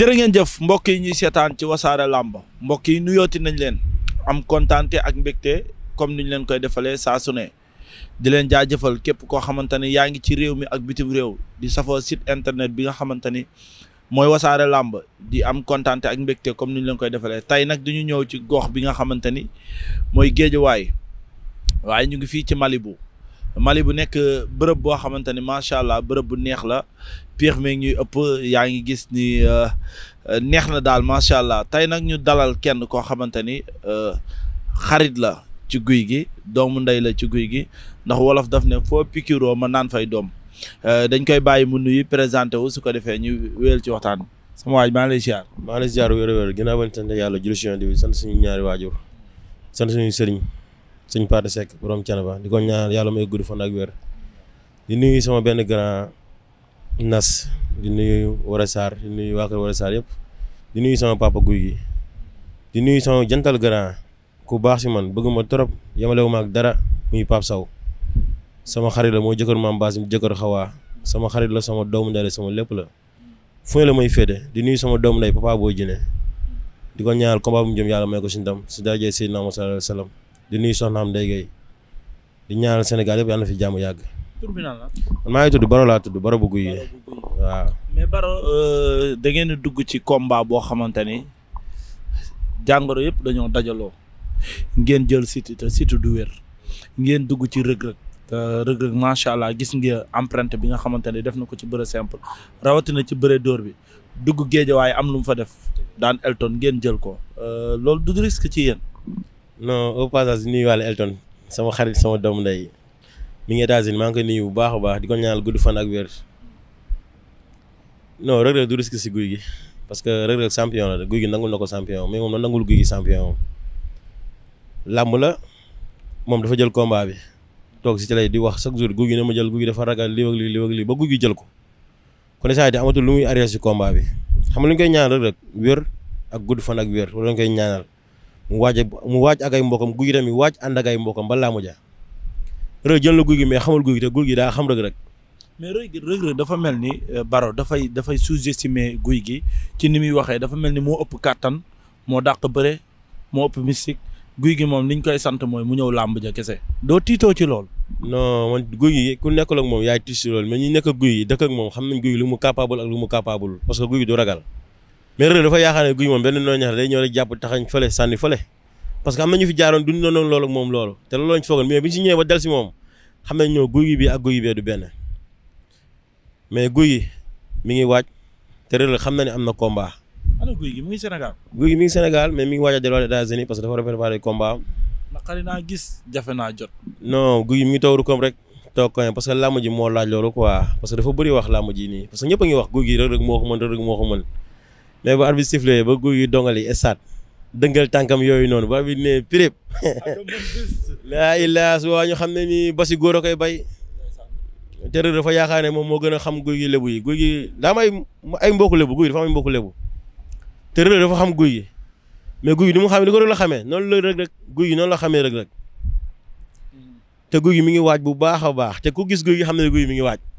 jërë ngeen jëf mbokk yi ñuy seetaan ci wasaare làmb mbokk yi nuyooti nañ leen am kontaante ak mbégte comme niñ leen koy defalee saa su ne di leen jaajëfal képp koo xamante ne yaa ngi ci réew mi ak bitim réew di safoo site internet bi nga xamante ni mooy wasaare làmb di am kontaante ak mbégte comme niñ leen koy defalee tey nag dañu ñëw ci gox bi nga xamante ni mooy géejuwaay waaye ñu ngi fii ci Malibu Mali bu nekk bërëb boo xamante ni macha allah bërëb bu neex la piix meeg ñuy ëpp yaa ngi gis ni euh, neex na daal macha allah tey nag ñu dalal kenn koo xamante ni euh, xarit la ci guy gi doomu ndey la ci guy gi ndax wolof daf ne foo pikiroo ma naan fay doom euh, dañ koy bàyyi mu nuyu présente wu su ko defee ñu wéyal ci waxtaan sama waaj maa ngi lay ziar. maa ngi lay ziar wér-wér ginnaaw ba ñu sant yàlla julli si yoon bi sant suñu ñaari waajur sant suñu sëriñ. sëñ Paate Seck borom Canaba di ko ñaanal yàlla may gudd fan ak wér di nuyu sama benn grand nas di nuyu Wara Sarr di nuyu waa kër Wara Sarr yëpp di nuyu sama papa guy gi di nuyu sama jantal grand ku baax si man bëgguma ma trop yemalewu ma ak dara muy Pape saw sama xarit la moo jëkkër maam Basim jëkkër xawaa sama xarit la sama doomu ndey la sama lépp la fu la may féete di nuyu sama doomu ndey papa boo jine di ko ñaanal combat bu jëm yàlla may ko si si darajee Seydina Muhammad di nuyu am Ndeye Gueye di ñaanal Sénégal yëpp yàlla na fi jàmm yàgg. tur bi maa ngi tudd Baro laa tudd Baro bu guy waaw. mais euh, da ngeen dugg ci komba boo xamante ni jàngoro yëpp dañoo dajaloo ngeen jël Siteu te du wér ngeen dugg ci rëg-rëg. rëg macha allah gis nga empreinte bi nga xamante ne def na ko ci bëre simple rawatina ci bëre dóor bi dugg waaye am lu mu fa def daan Elton ngeen jël ko euh, loolu du risque ci yéen. non au passage nuyu Elton sama xarit sama doomu ndey mi ngi États-Unis maa ngi koy nuyu bu baax a baax di ko ñaanal gudd fan ak wér non Reug Reug du risque si guy gi parce que Reug Reug champion la de guy gi nangul na ko champion mais moom na nangul guy gi champion làmb la moom dafa jël combat bi toog si ci di wax chaque jour guy gi na ma jël guy gi dafa ragal lii ak lii ba guy gi jël ko kon saa di amatul lu muy arrière si combat bi xam nga lu ñu koy ñaanal ak gudd fan ak wér wala mu waaj mu waaj ak ay mbokam guy gi tamit waaj ànd ak ay mbokam ba laamu ja jël na guy gi mais xamul guy gi te guy gi daa xam rëg rek mais rëg rëg dafa mel ni euh, baro dafay dafay sous-estimer guy gi ci ni muy waxee dafa mel ni moo ëpp kàttan moo dàq bëre moo ëpp mystique guy gi moom liñ koy sant mooy mu ñëw làmb ja kese doo tiitoo ci lool non man guy gi ku nekkul ak moom yaay tiis ci lool mais ñi nekk guy gi dëkk ak moom xam nañ guy gi lu mu capable ak lu mu capable parce que guy du ragal mais réew dafa yaakaar ne guy moom benn noo ñax que am fi jaaroon duñ na noonu moom loolu te loolu lañ ci mais bi ñu mi ngi waaj te réew xam na ne am na combat. ana guy gi mi ngi Sénégal. guy gi mi ngi Sénégal mais mi ngi waaj a delluwaat États-Unis parce que dafa préparé combat naqari naa gis jafe naa jot. non guy gi mi ngi toog rukom rek. toog ko parce que moo laaj loolu quoi parce que dafa bëri wax làmb nii parce que a ngi wax guy gi rek rek moo ko mën rek moo ko léegi bu arbitre sifflé ba guy yu dongali stade dëngal tànkam yooyu noonu ba arbitre ne pirip laa illaa su waa ñu xam ne ni basi góor a koy bay te Reug dafa yaakaar ne moom moo gën a xam guy gi lebu yi guy gi daa am ay ay mbokku lebu guy dafa am ay mbokku lebu te Reug xam guy gi mais guy gi ni mu xam ni ko Reug la xame noonu la Reug rek guy gi noonu xamee Reug rek te guy gi mi ngi waaj bu baax a baax te ku gis guy gi xam ne guy mi ngi waaj